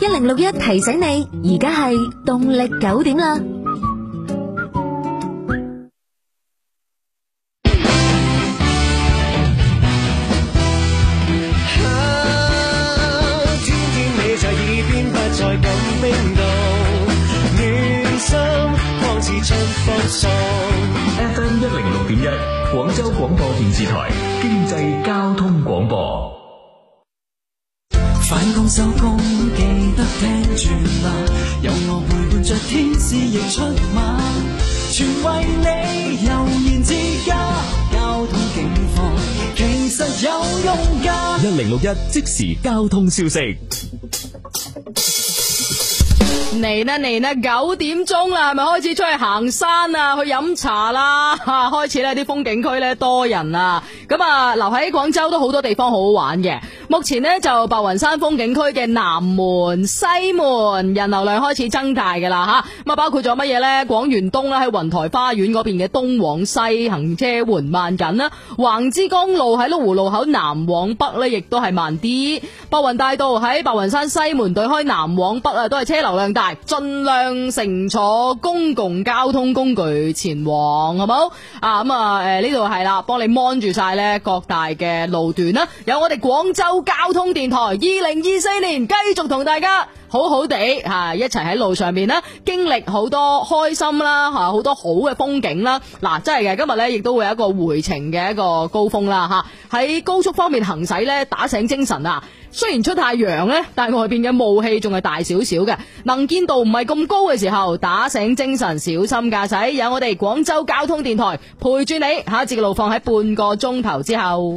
一零六一提醒你，而家係動力九點啦。六一即時交通消息嚟啦嚟啦，九點鐘啦，係咪開始出去行山啊？去飲茶啦，開始呢啲風景區呢，多人啊，咁啊，留喺廣州都好多地方好好玩嘅。目前咧就白雲山風景區嘅南門、西門人流量開始增大嘅啦吓，咁啊包括咗乜嘢咧？廣園東咧喺雲台花園嗰邊嘅東往西行車緩慢緊啦。橫之公路喺麓湖路口南往北咧，亦都係慢啲。白雲大道喺白雲山西門對開南往北啊，都係車流量大，盡量乘坐公共交通工具前往，好冇啊咁、嗯、啊誒呢度係啦，幫你芒住晒咧各大嘅路段啦。有我哋廣州。交通電台二零二四年繼續同大家好好地吓一齊喺路上面啦，經歷好多開心啦，吓好多好嘅風景啦。嗱，真係嘅，今日咧亦都會有一個回程嘅一個高峰啦。吓喺高速方面行駛咧，打醒精神啊！雖然出太陽呢，但係外邊嘅霧氣仲係大少少嘅，能見度唔係咁高嘅時候，打醒精神，小心駕駛。有我哋廣州交通電台陪住你，下一節嘅路況喺半個鐘頭之後。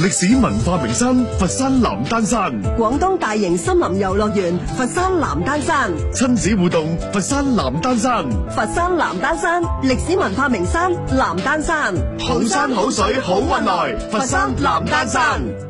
歷史文化名山佛山南丹山，廣東大型森林遊樂園佛山南丹山，親子互動佛山南丹山，佛山南丹山歷史文化名山南丹山，好山好水好運來，佛山南丹山。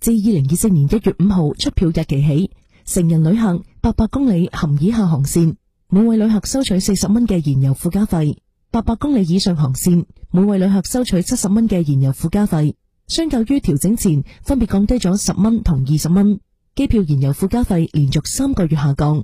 自二零二四年一月五號出票日期起，成人旅客八百公里含以下航線每位旅客收取四十蚊嘅燃油附加費；八百公里以上航線每位旅客收取七十蚊嘅燃油附加費。相較於調整前，分別降低咗十蚊同二十蚊。機票燃油附加費連續三個月下降。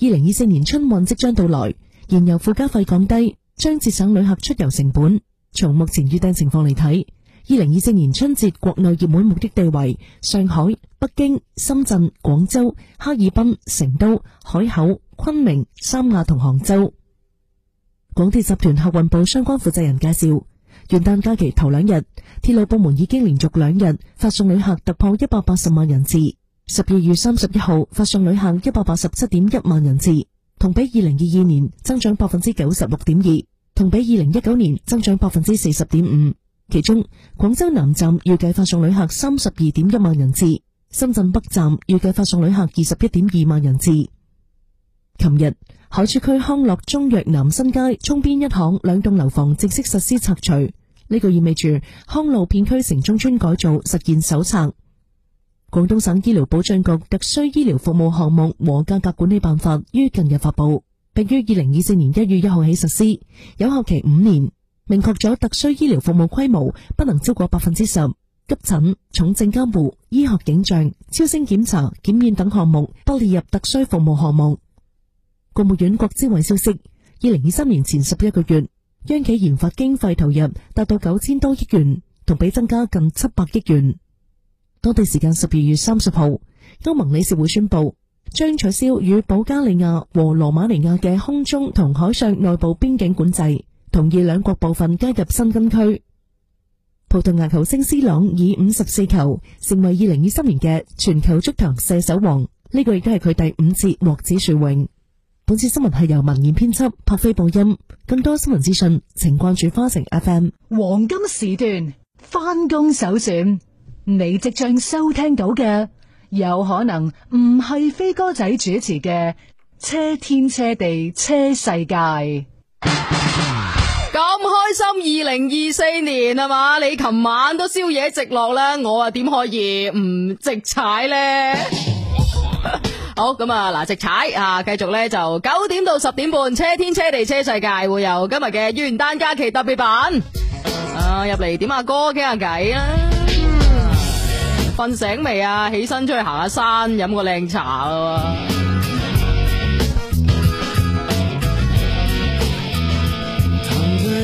二零二四年春運即將到來，燃油附加費降低將節省旅客出遊成本。從目前預訂情況嚟睇。二零二四年春節國內熱門目的地為上海、北京、深圳、廣州、哈爾濱、成都、海口、昆明、三亞同杭州。廣鐵集團客運部相關負責人介紹，元旦假期頭兩日，鐵路部門已經連續兩日發送旅客突破一百八十萬人次。十二月三十一號發送旅客一百八十七點一萬人次，同比二零二二年增長百分之九十六點二，同比二零一九年增長百分之四十點五。其中，廣州南站預計發送旅客三十二點一萬人次，深圳北站預計發送旅客二十一點二萬人次。琴日，海珠區康樂中藥南新街涌邊一巷兩棟樓房正式實施拆除，呢、這個意味住康樂片區城中村改造實現首拆。廣東省醫療保障局《特需醫療服務項目和價格管理辦法》於近日發布，並於二零二四年一月一號起實施，有效期五年。明確咗特需醫療服務規模不能超過百分之十，急診、重症監護、醫學影像、超聲檢查、檢驗等項目不列入特需服務項目。國務院國資委消息，二零二三年前十一個月，央企研發經費投入達到九千多億元，同比增加近七百億元。當地時間十二月三十號，歐盟理事會宣布將取消與保加利亞和羅馬尼亞嘅空中同海上內部邊境管制。同意兩國部分加入申根區。葡萄牙球星 C 朗以五十四球成為二零二三年嘅全球足球射手王，呢個亦都係佢第五次獲此殊榮。本次新聞係由文燕編輯、柏菲播音。更多新聞資訊，請關注花城 F M。黃金時段翻工首選，你即將收聽到嘅有可能唔係飛哥仔主持嘅《車天車地車世界》。心二零二四年啊嘛？你琴晚都宵夜直落啦，我啊點可以唔直踩咧？好咁啊，嗱，直踩啊，繼續咧就九點到十點半，車天車地車世界會由今日嘅元旦假期特別版啊入嚟，點下歌傾下偈啊。瞓醒未啊？起身出去行下山，飲個靚茶咯。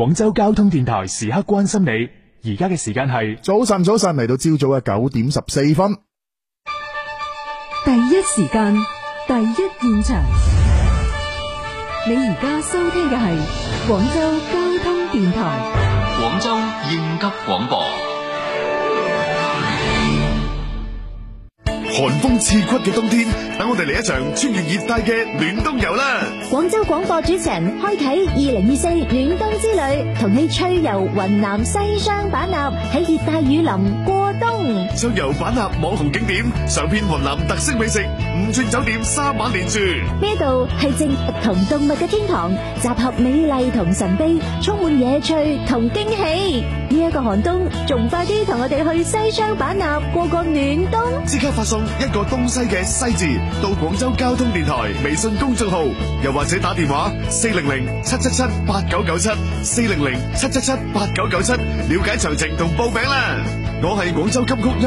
廣州交通電台時刻關心你。而家嘅時間係早晨，早晨嚟到朝早嘅九點十四分。第一時間，第一現場。你而家收聽嘅係廣州交通電台，廣州應急廣播。寒風刺骨嘅冬天，等我哋嚟一場穿越熱帶嘅暖冬遊啦！廣州廣播主持人開啟二零二四暖冬之旅，同你趣遊雲南西雙版納，喺熱帶雨林過冬，暢遊版納網紅景點，嘗遍雲南特色美食，五鑽酒店三晚連住。呢度係正不同動物嘅天堂，集合美麗同神秘，充滿野趣同驚喜。呢一個寒冬，仲快啲同我哋去西雙版納過個暖冬！即刻發送，當一個東西嘅西字到廣州交通電台微信公眾號又或者打電話四零零七七七八九九七四零零七七七八九九七，了解詳情同報名啦，我係廣州金曲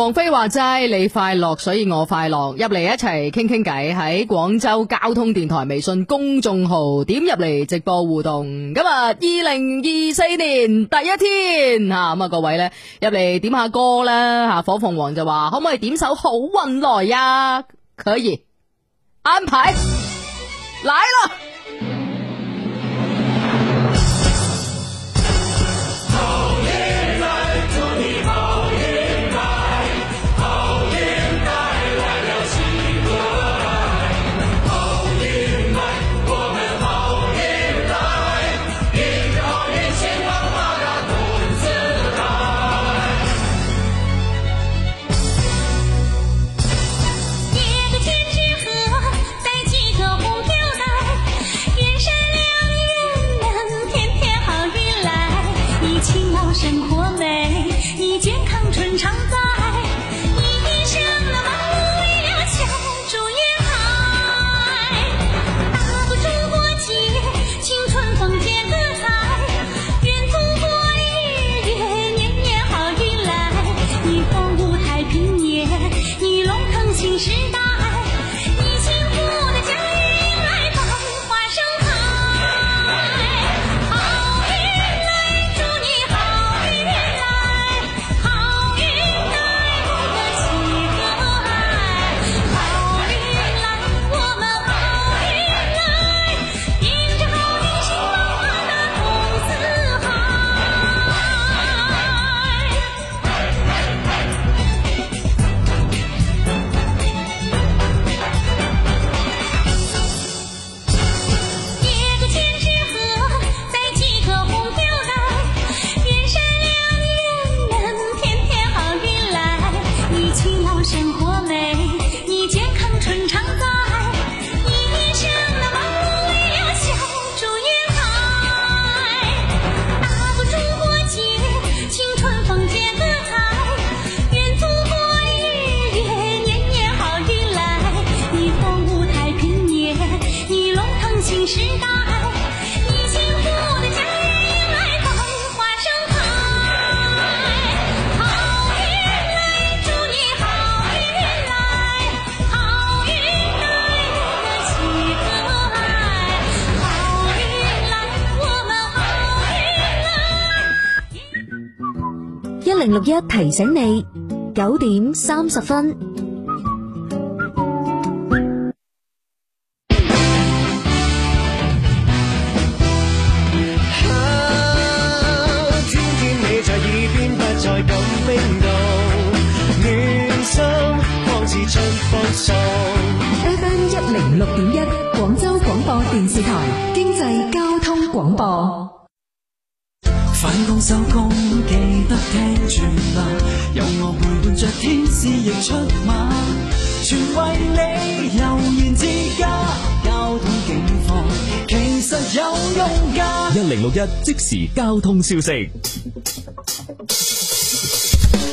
王菲話齋你快樂所以我快樂，入嚟一齊傾傾偈，喺廣州交通電台微信公眾號點入嚟直播互動，今日二零二四年第一天吓，咁啊各位呢，入嚟點下歌啦吓，火鳳凰就話可唔可以點首好運來呀啊？可以，安排來了。醒你九點三十分。零六一即時交通消息，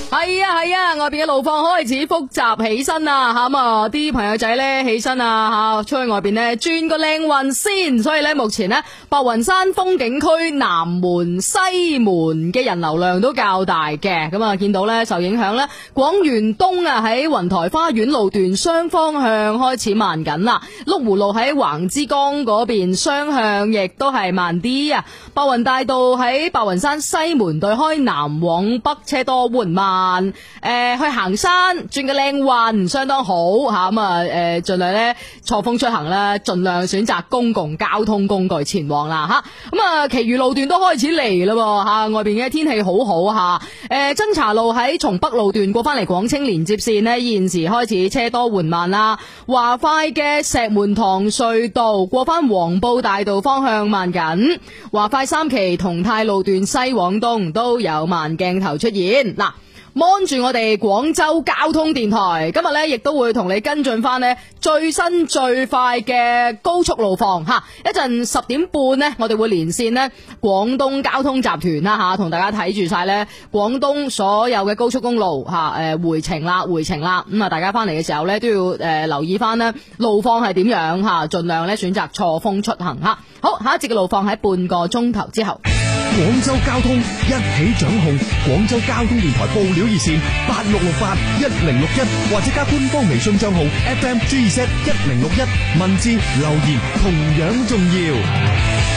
係、啊，係啊係啊，外邊嘅路況開始複雜起身啊吓啊，啲朋友仔呢，起身啊，吓、啊、出去外邊呢，轉個靚運先，所以呢，目前呢。白雲山風景區南門、西門嘅人流量都較大嘅，咁啊見到咧受影響咧，廣園東啊喺雲台花園路段雙方向開始慢緊啦，麓湖路喺橫枝崗嗰邊雙向亦都係慢啲啊，白雲大道喺白雲山西門對開南往北車多緩慢，誒、呃、去行山轉個靚運相當好吓，咁啊誒盡量咧錯峰出行啦，盡量選擇公共交通工具前往。啦吓，咁啊，其餘路段都開始嚟嘞，吓外邊嘅天氣好好吓。誒、呃，增槎路喺從北路段過翻嚟廣清連接線呢，現時開始車多緩慢啦。華快嘅石門塘隧道過翻黃埔大道方向慢緊，華快三期同泰路段西往東都有慢鏡頭出現嗱。mon 住我哋廣州交通電台，今日咧亦都會同你跟進翻呢最新最快嘅高速路況吓。一陣十點半呢，我哋會連線呢廣東交通集團啦吓，同大家睇住晒呢廣東所有嘅高速公路吓，誒回程啦，回程啦。咁啊，大家翻嚟嘅時候呢，都要誒留意翻呢路況係點樣吓，盡量呢選擇錯峰出行吓。好，下一節嘅路況喺半個鐘頭之後。廣州交通一起掌控，廣州交通電台報料熱線八六六八一零六一，或者加官方微信賬號 FM GZ 一零六一，FM-GZ-1061，文字留言同樣重要。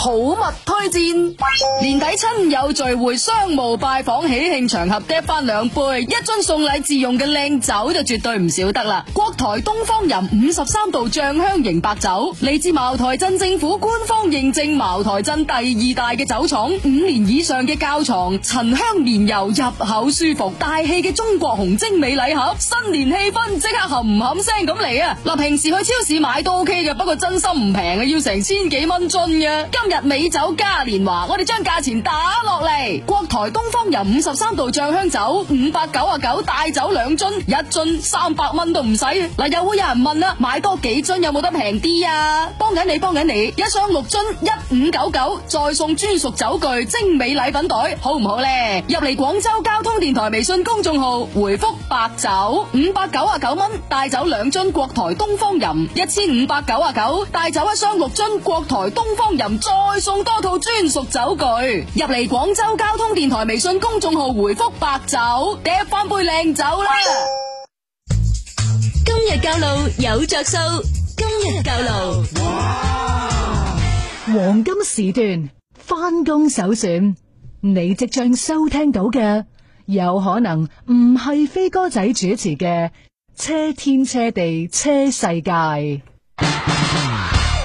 好物推薦，年底親友聚會、商務拜訪、喜慶場合，斟翻兩杯一樽送禮自用嘅靚酒就絕對唔少得啦。國台東方吟五十三度醬香型白酒，嚟自茅台鎮政府官方認證茅台鎮第二大嘅酒廠，五年以上嘅窖藏，陳香綿柔，入口舒服，大氣嘅中國紅精美禮盒，新年氣氛即刻冚冚聲咁嚟啊。嗱，平時去超市買都 OK 嘅，不過真心唔平啊，要成千幾蚊樽嘅日美酒嘉年華，我哋將價錢打落嚟。國台東方吟五十三度醬香酒五百九啊九，帶走兩樽，一樽三百蚊都唔使。嗱，又會有人問啦，買多幾樽有冇得平啲啊？幫緊你，幫緊你，一箱六樽一五九九，再送專屬酒具精美禮品袋，好唔好呢？入嚟廣州交通電台微信公眾號，回復白酒五百九啊九蚊，帶走兩樽國台東方吟一千五百九啊九，帶走一箱六樽國台東方吟裝。再送多套專屬酒具入嚟！廣州交通電台微信公眾號回覆“白酒”，搵翻杯靚酒啦！今日教路有着數，今日教路哇，黃金時段翻工首選，你即將收聽到嘅有可能唔係飛哥仔主持嘅《車天車地車世界》。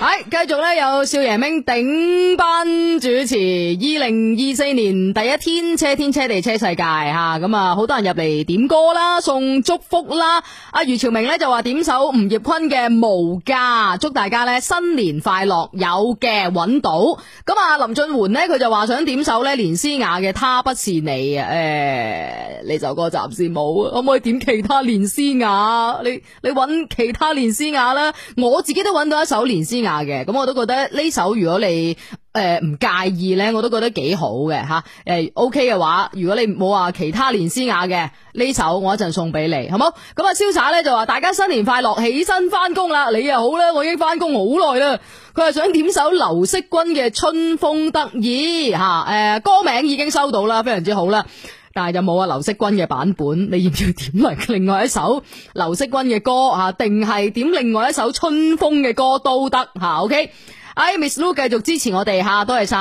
係繼續咧，有少爺明頂班主持，二零二四年第一天，車天車地車世界吓，咁啊，好多人入嚟點歌啦，送祝福啦。阿余朝明咧就話點首吳業坤嘅《無價》，祝大家咧新年快樂，有嘅搵到。咁啊，林俊賢咧佢就話想點首咧連詩雅嘅《他不是你》啊，誒、哎，呢首歌暫時冇，可唔可以點其他連詩雅？你你搵其他連詩雅啦，我自己都搵到一首連詩雅。嘅咁我都覺得呢首如果你誒唔介意呢，我都覺得幾好嘅吓誒，OK 嘅話，如果你冇話其他連詩雅嘅呢首，我一陣送俾你，好冇？咁啊，瀟灑呢就話大家新年快樂，起身翻工啦，你又好啦，我已經翻工好耐啦。佢係想點首劉惜君嘅《春風得意》吓，誒歌名已經收到啦，非常之好啦。但係有冇啊，劉惜君嘅版本，你要唔要點嚟另外一首劉惜君嘅歌啊？定係點另外一首春風嘅歌都得吓？OK。哎，Miss Lou 繼續支持我哋吓，多謝晒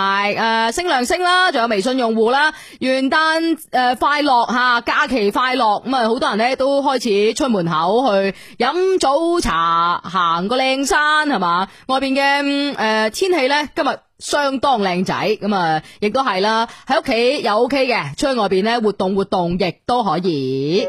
誒，升亮升啦，仲有微信用戶啦。元旦誒快樂吓，假期快樂咁啊，好多人咧都開始出門口去飲早茶，行個靚山係嘛。外邊嘅誒天氣咧，今日相當靚仔咁啊，亦都係啦。喺屋企又 O K 嘅，出去外邊咧活動活動亦都可以。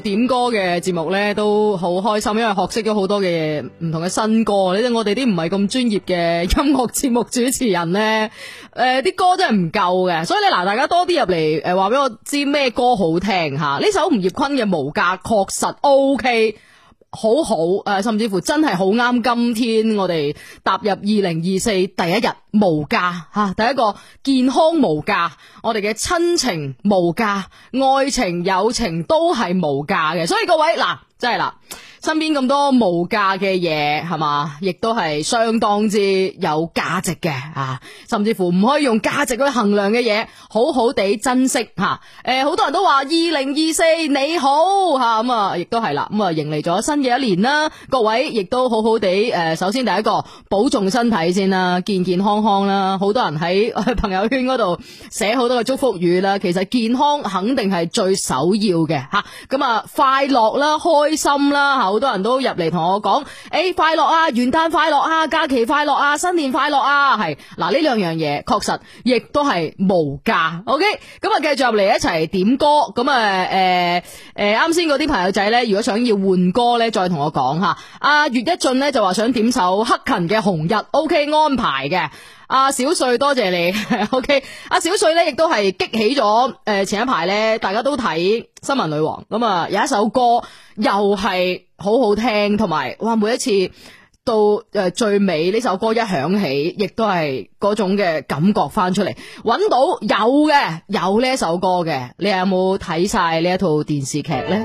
點歌嘅節目呢都好開心，因為學識咗好多嘅唔同嘅新歌。你知我哋啲唔係咁專業嘅音樂節目主持人呢，誒、呃，啲歌真係唔夠嘅。所以你嗱，大家多啲入嚟，誒、呃，話俾我知咩歌好聽吓。呢首吳業坤嘅《無價》確實 OK。好好，誒，甚至乎真係好啱，今天我哋踏入二零二四第一日，無價嚇，第一個健康無價，我哋嘅親情無價，愛情、友情都係無價嘅。所以各位嗱，真係嗱。身邊咁多無價嘅嘢係嘛，亦都係相當之有價值嘅啊！甚至乎唔可以用價值去衡量嘅嘢，好好地珍惜吓。誒、啊，欸、好多人都話二零二四你好吓，咁啊，亦、嗯、都係啦，咁啊，迎嚟咗新嘅一年啦、啊。各位亦都好好地誒、啊，首先第一個保重身體先啦、啊，健健康康啦。好多人、啊、喺朋友圈嗰度寫好多嘅祝福語啦、啊，其實健康肯定係最首要嘅吓。咁啊，、嗯、啊，快樂啦、啊，開心啦，吓、啊。好多人都入嚟同我講，誒、欸，快樂啊，元旦快樂啊，假期快樂啊，新年快樂啊，係，嗱呢兩樣嘢確實亦都係無價。OK，咁啊，繼續入嚟一齊點歌，咁啊，誒、呃，誒、呃，啱先嗰啲朋友仔呢，如果想要換歌呢，再同我講吓。阿、啊、月一進呢，就話想點首黑勤嘅《紅日》，OK，安排嘅。阿小穗，多謝你。OK，阿小穗咧，亦都係激起咗誒，前一排咧，大家都睇《新聞女王》咁啊，有一首歌又係好好聽，同埋哇，每一次到誒最尾呢首歌一響起，亦都係嗰種嘅感覺翻出嚟。揾到有嘅，有呢一首歌嘅，你有冇睇晒呢一套電視劇呢？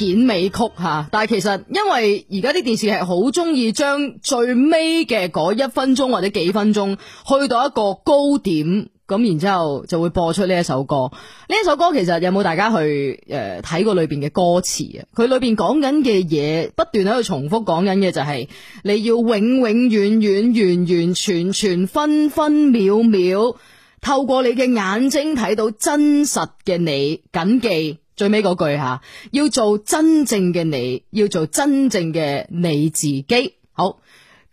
片尾曲吓，但係其實，因為而家啲電視係好中意將最尾嘅嗰一分鐘或者幾分鐘去到一個高點，咁然之後就會播出呢一首歌。呢一首歌其實有冇大家去誒睇過裏邊嘅歌詞啊？佢裏邊講緊嘅嘢不斷喺度重複講緊嘅就係你要永永遠遠完完全全分分秒秒透過你嘅眼睛睇到真實嘅你，謹記。最尾嗰句吓，要做真正嘅你，要做真正嘅你自己。好，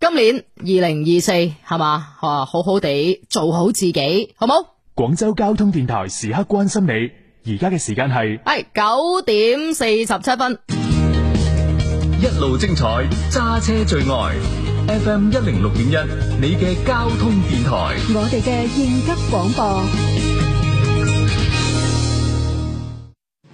今年二零二四係嘛，哇，好好哋做好自己，好冇？廣州交通電台時刻關心你，而家嘅時間係係九點四十七分，一路精彩，揸車最愛，FM 一零六點一，你嘅交通電台，我哋嘅應急廣播。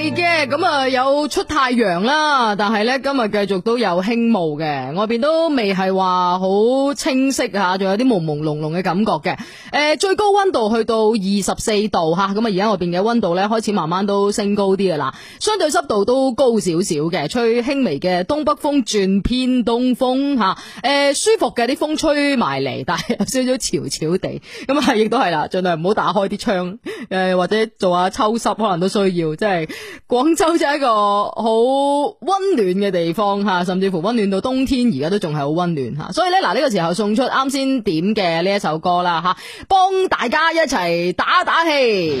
係嘅，咁啊有出太陽啦，但係呢，今日繼續都有輕霧嘅，外邊都未係話好清晰吓，仲有啲朦朦朧朧嘅感覺嘅。誒、呃，最高溫度去到二十四度吓，咁啊而家外邊嘅溫度呢，開始慢慢都升高啲㗎啦。相對濕度都高少少嘅，吹輕微嘅東北風轉偏東風吓。誒、呃，舒服嘅啲風吹埋嚟，但係有少少潮潮地，咁啊亦都係啦，盡量唔好打開啲窗，誒或者做下抽濕，可能都需要，即係。廣州真係一個好溫暖嘅地方吓，甚至乎溫暖到冬天而家都仲係好溫暖吓，所以咧，嗱呢個時候送出啱先點嘅呢一首歌啦吓，幫大家一齊打打氣。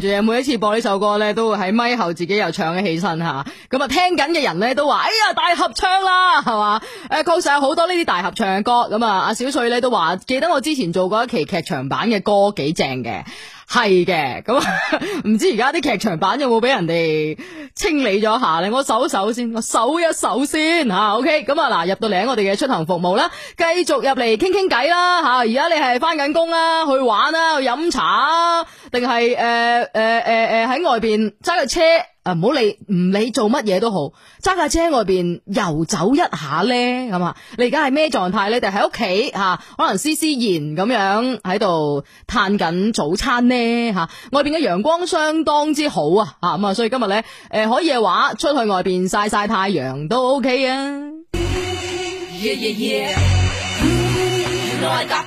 跟住每一次播呢首歌咧，都會喺咪後自己又唱一起身嚇。咁啊，聽緊嘅人咧都話，哎呀，大合唱啦，係嘛？誒，確實有好多呢啲大合唱嘅歌。咁啊，阿小翠咧都話，記得我之前做過一期劇場版嘅歌，幾正嘅。係、嗯、嘅。咁啊唔知而家啲劇場版有冇俾人哋清理咗下咧？我搜一搜先，我先搜一搜先吓、啊。OK，咁啊，嗱，入到嚟我哋嘅出行服務啦，繼續入嚟傾傾偈啦吓。而家你係翻緊工啦，去玩啦，去飲茶啊，定係誒誒誒誒喺外邊揸架車？啊，唔好理，唔理做乜嘢都好，揸架車外邊遊走一下咧，咁啊，你而家係咩狀態咧？就係喺屋企吓，可能思思然咁樣喺度嘆緊早餐呢。吓、啊，外邊嘅陽光相當之好啊，吓咁啊，所以今日咧，誒、呃、可以嘅話出去外邊曬曬太陽都 OK 啊。Yeah, yeah, yeah. No I got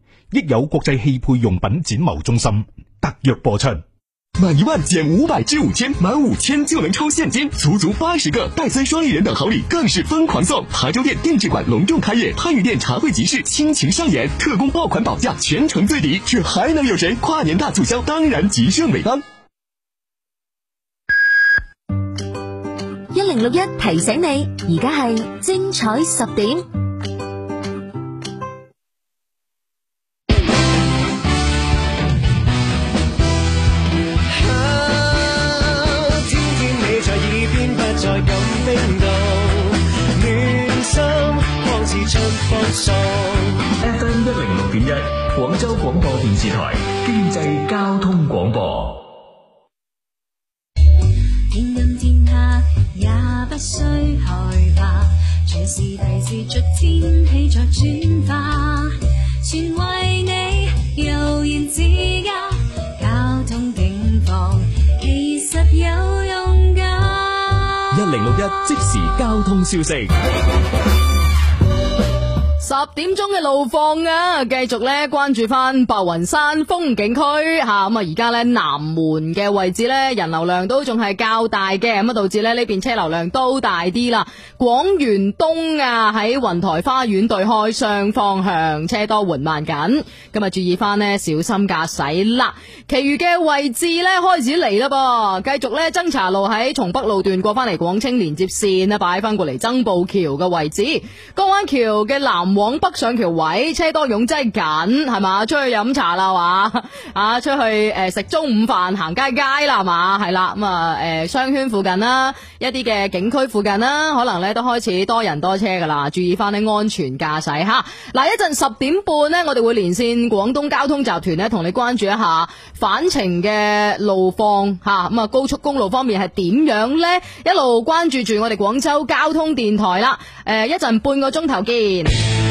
益友國際汽配用品展貿中心特約播出，滿一萬減五百至五千，滿五千就能抽現金，足足八十個戴森雙立人等好禮，更是瘋狂送！琶洲店定製館隆重開業，番禺店茶會集市傾情上演，特供爆款保價，全城最低，卻還能有誰？跨年大促銷，當然極盛美當。一零六一提醒你，而家係精彩十點。零六一，即時交通消息。 十點鐘嘅路況啊，繼續咧關注翻白雲山風景區吓，咁啊而家咧南門嘅位置咧人流量都仲係較大嘅，咁啊導致咧呢邊車流量都大啲啦。廣園東啊喺雲台花園對開上方向車多緩慢緊，咁啊注意翻咧小心駕駛啦。其餘嘅位置咧開始嚟啦噃，繼續咧增槎路喺從北路段過翻嚟廣清連接線擺翻過嚟增步橋嘅位置，江灣橋嘅南門。往北上橋位車多擁擠緊，係嘛？出去飲茶啦，啊，出去誒、呃、食中午飯、行街街啦，係嘛？係啦，咁啊誒商圈附近啦，一啲嘅景區附近啦，可能咧都開始多人多車噶啦，注意翻啲安全駕駛哈。嗱、啊，一陣十點半呢，我哋會連線廣東交通集團呢，同你關注一下返程嘅路況吓，咁啊高速公路方面係點樣呢？一路關注住我哋廣州交通電台啦，誒一陣半個鐘頭見。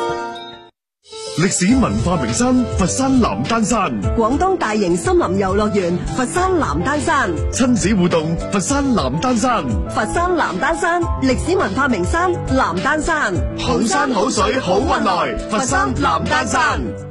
歷史文化名山佛山南丹山，廣東大型森林遊樂園佛山南丹山，親子互動佛山南丹山，佛山南丹山歷史文化名山南丹山，好山好水好運來，佛山南丹山。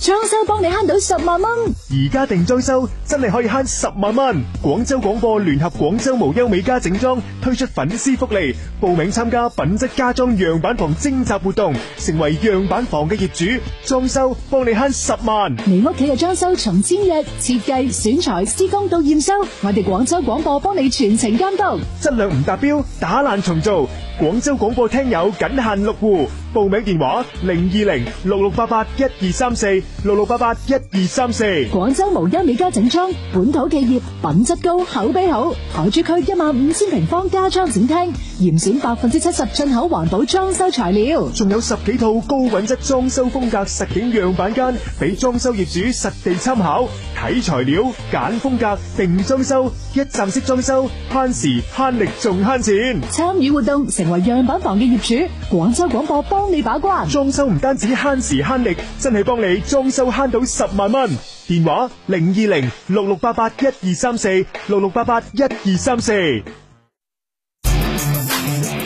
裝修幫你慳到十萬蚊，而家定裝修真係可以慳十萬蚊。廣州廣播聯合廣州無憂美家整裝推出粉絲福利，報名參加品質家裝樣板房徵集活動，成為樣板房嘅業主，裝修幫你慳十萬。你屋企嘅裝修從簽約、設計、選材、施工到驗收，我哋廣州廣播幫你全程監督，質量唔達標打爛重做。廣州廣播聽友僅限六戶。報名電話零二零六六八八一二三四六六八八一二三四。廣州無憂美家整裝，本土企業，品質高，口碑好。海珠區一萬五千平方家裝展廳，嚴選百分之七十進口環保裝修材料。仲有十幾套高品質裝修風格實景樣板間，俾裝修業主實地參考，睇材料，揀風格，定裝修，一站式裝修，慳時慳力仲慳錢。參與活動，成為樣板房嘅業主。廣州廣播幫你把關裝修唔單止慳時慳力，真係幫你裝修慳到十萬蚊。電話零二零六六八八一二三四六六八八一二三四。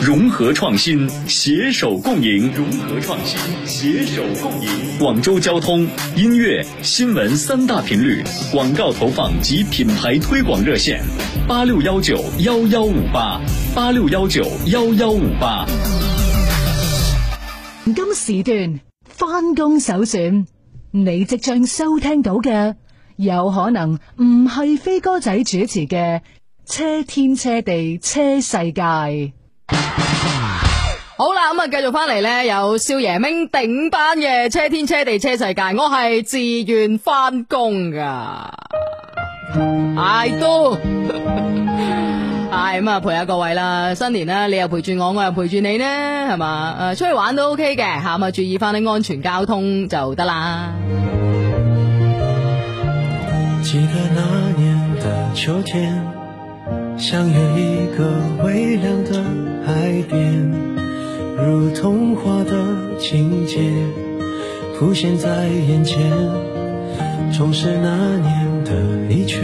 融合創新，携手共贏。融合創新，携手共贏。廣州交通音樂新聞三大頻率廣告投放及品牌推廣熱線：八六幺九幺幺五八八六幺九幺幺五八。今時段翻工首選，你即將收聽到嘅有可能唔係飛哥仔主持嘅《車天車地車世界》。好啦，咁啊，繼續翻嚟呢？有少爺明頂班嘅《車天車地車世界》，我係自願翻工噶，I do。 咁、嗯、啊陪下各位啦，新年啦，你又陪住我，我又陪住你呢，係嘛？誒、呃，出去玩都 OK 嘅，吓、嗯，咪注意翻啲安全交通就得啦。記得那年的秋天，相約一個微涼的海邊，如童話的情節浮現在眼前，重拾那年的你，卻……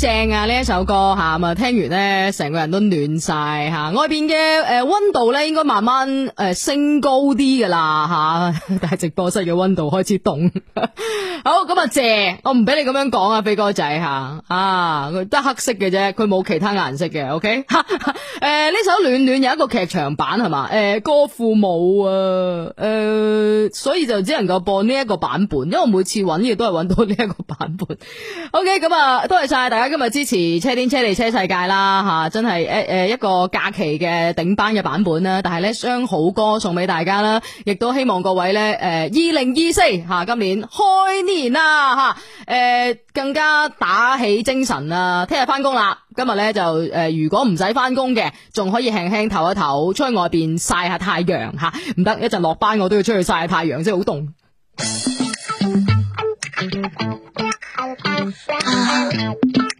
正啊！呢一首歌吓啊，聽完咧成個人都暖晒吓。外邊嘅誒溫度咧應該慢慢誒升高啲噶啦吓，但係直播室嘅溫度開始凍。好咁啊，謝 我唔俾你咁樣講啊，飛哥仔吓啊，佢得黑色嘅啫，佢冇其他顏色嘅。OK，誒 呢、呃、首暖暖有一個劇場版係嘛？誒、呃、歌父母啊，誒、呃、所以就只能夠播呢一個版本，因為我每次搵嘢都係搵到呢一個版本。OK，咁啊，多謝晒大家。今日支持車天車地車世界啦，吓真係一誒一個假期嘅頂班嘅版本啦。但係咧，將好歌送俾大家啦，亦都希望各位咧誒，二零二四吓今年開年啦，吓誒更加打起精神啦。聽日翻工啦，今日咧就誒，如果唔使翻工嘅，仲可以輕輕唞一唞，出去外邊晒下太陽吓。唔得，一陣落班我都要出去曬太陽，真係好凍。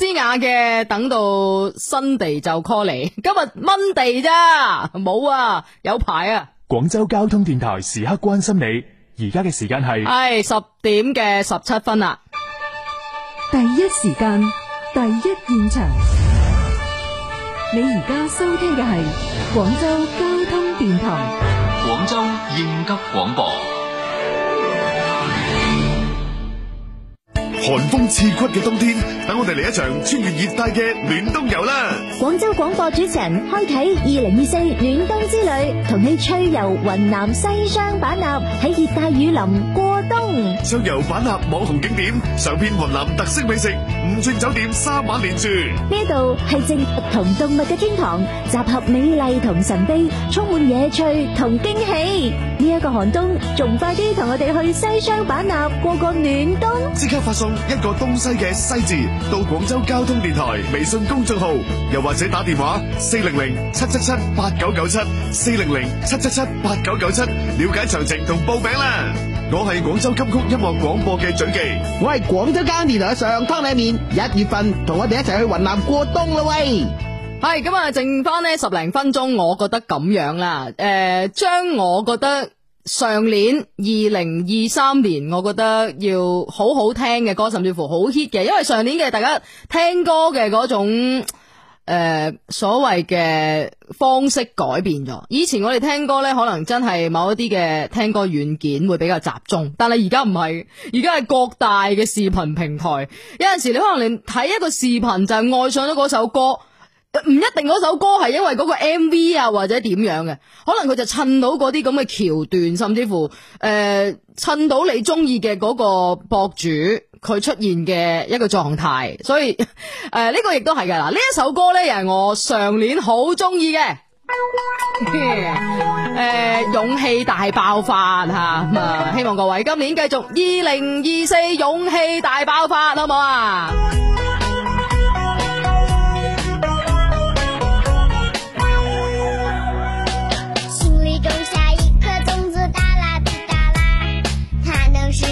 私雅嘅，等到新地就 call 你。今日掹地咋？冇啊，有排啊。廣州交通電台時刻關心你。而家嘅時間係係十點嘅十七分啊。第一時間，第一現場。你而家收聽嘅係廣州交通電台，廣州應急廣播。寒風刺骨嘅冬天，等我哋嚟一場穿越熱帶嘅暖冬遊啦！廣州廣播主持人開啟二零二四暖冬之旅，同你趣遊雲南西雙版納，喺熱帶雨林過冬，暢遊版納網紅景點，嘗遍雲南特色美食，五鑽酒店三晚連住。呢度係植物同動物嘅天堂，集合美麗同神秘，充滿野趣同驚喜。呢一個寒冬，仲快啲同我哋去西雙版納過個暖冬！即刻發送。一個東西嘅西字，到廣州交通電台微信公眾號，又或者打電話四零零七七七八九九七，四零零七七七八九九七，了解詳情同報名啦。我係廣州金曲音樂廣播嘅准記，我係廣州間電台嘅上湯米麵。一月份同我哋一齊去雲南過冬啦喂。係咁啊，剩翻呢十零分鐘，我覺得咁樣啦。誒，將我覺得。上年二零二三年，我覺得要好好聽嘅歌，甚至乎好 hit 嘅，因為上年嘅大家聽歌嘅種誒、呃、所謂嘅方式改變咗。以前我哋聽歌咧，可能真係某一啲嘅聽歌軟件會比較集中，但係而家唔係，而家係各大嘅視頻平台。有陣時你可能連睇一個視頻就係愛上咗首歌。唔一定嗰首歌係因為嗰個 MV 啊，或者點樣嘅，可能佢就襯到嗰啲咁嘅橋段，甚至乎誒襯、呃、到你中意嘅嗰個博主佢出現嘅一個狀態，所以誒呢、呃，這個亦都係嘅啦。呢一首歌呢，又係我上年好中意嘅，誒、 呃、勇氣大爆發吓、嗯、希望各位今年繼續二零二四勇氣大爆發，好冇啊！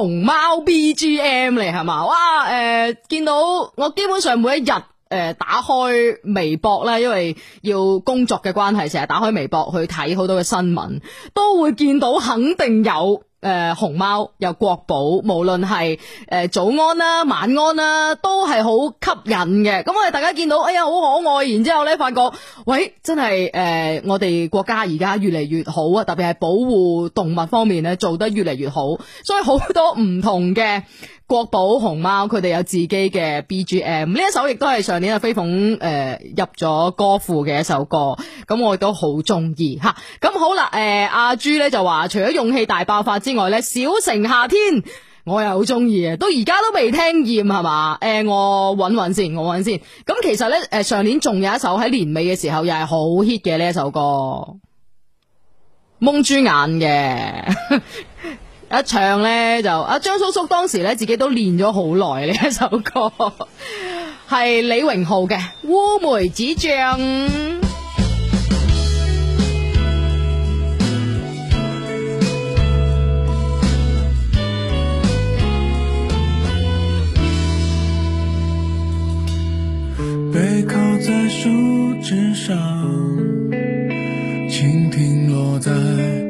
熊貓 BGM 嚟係嘛？哇！誒、呃，見到我基本上每一日誒、呃、打開微博咧，因為要工作嘅關係，成日打開微博去睇好多嘅新聞，都會見到肯定有。誒、呃，熊貓有國寶，無論係誒早安啦、啊、晚安啦、啊，都係好吸引嘅。咁我哋大家見到，哎呀，好可愛。然之後呢，發覺，喂，真係誒、呃，我哋國家而家越嚟越好啊，特別係保護動物方面呢，做得越嚟越好。所以好多唔同嘅。國寶熊貓佢哋有自己嘅 BGM，呢一首亦都係上年阿飛鳳誒入咗歌庫嘅一首歌，咁我亦都、啊、好中意。吓咁好啦，誒阿朱咧就話除咗勇氣大爆發之外咧，小城夏天我又好中意啊，到而家都未聽厭係嘛？誒我搵搵先，我搵先。咁其實咧，誒上年仲有一首喺年尾嘅時候又係好 hit 嘅呢一首歌，蒙豬眼嘅。 一唱呢，就阿張叔叔當時呢，自己都練咗好耐呢一首歌，係李榮浩嘅《烏梅子醬》。背靠在樹枝上，蜻蜓落在。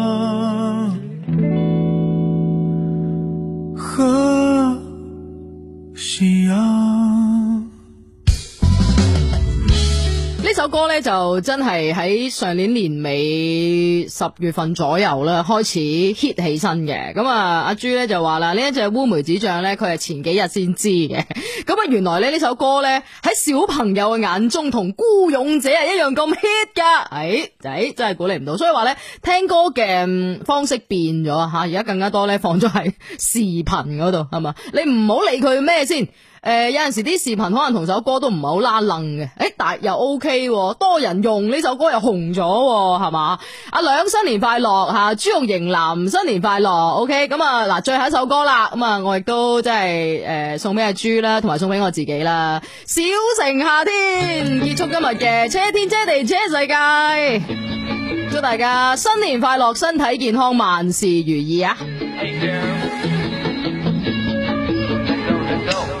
就真係喺上年年尾十月份左右啦，開始 hit 起身嘅。咁啊，阿朱咧就話啦，一烏呢一隻烏梅子醬咧，佢係前幾日先知嘅。咁啊，原來咧呢首歌咧喺小朋友嘅眼中同孤勇者一樣咁 hit 噶、哎。哎，仔真係估你唔到，所以話咧聽歌嘅方式變咗吓，而家更加多咧放咗喺視頻嗰度，係嘛？你唔好理佢咩先。誒、呃，有陣時啲視頻可能同首歌都唔係好拉楞嘅，誒、欸，但又 O、OK、K，、啊、多人用呢首歌又紅咗、啊，係嘛？阿兩新年快樂吓、啊，朱容型男新年快樂，O K，咁啊嗱，最後一首歌啦，咁、嗯、啊，我亦都真係誒，送俾阿朱啦，同埋送俾我自己啦，《小城夏天》，結束今日嘅《車天車地車世界》，祝大家新年快樂，身體健康，萬事如意啊！Let go, let go.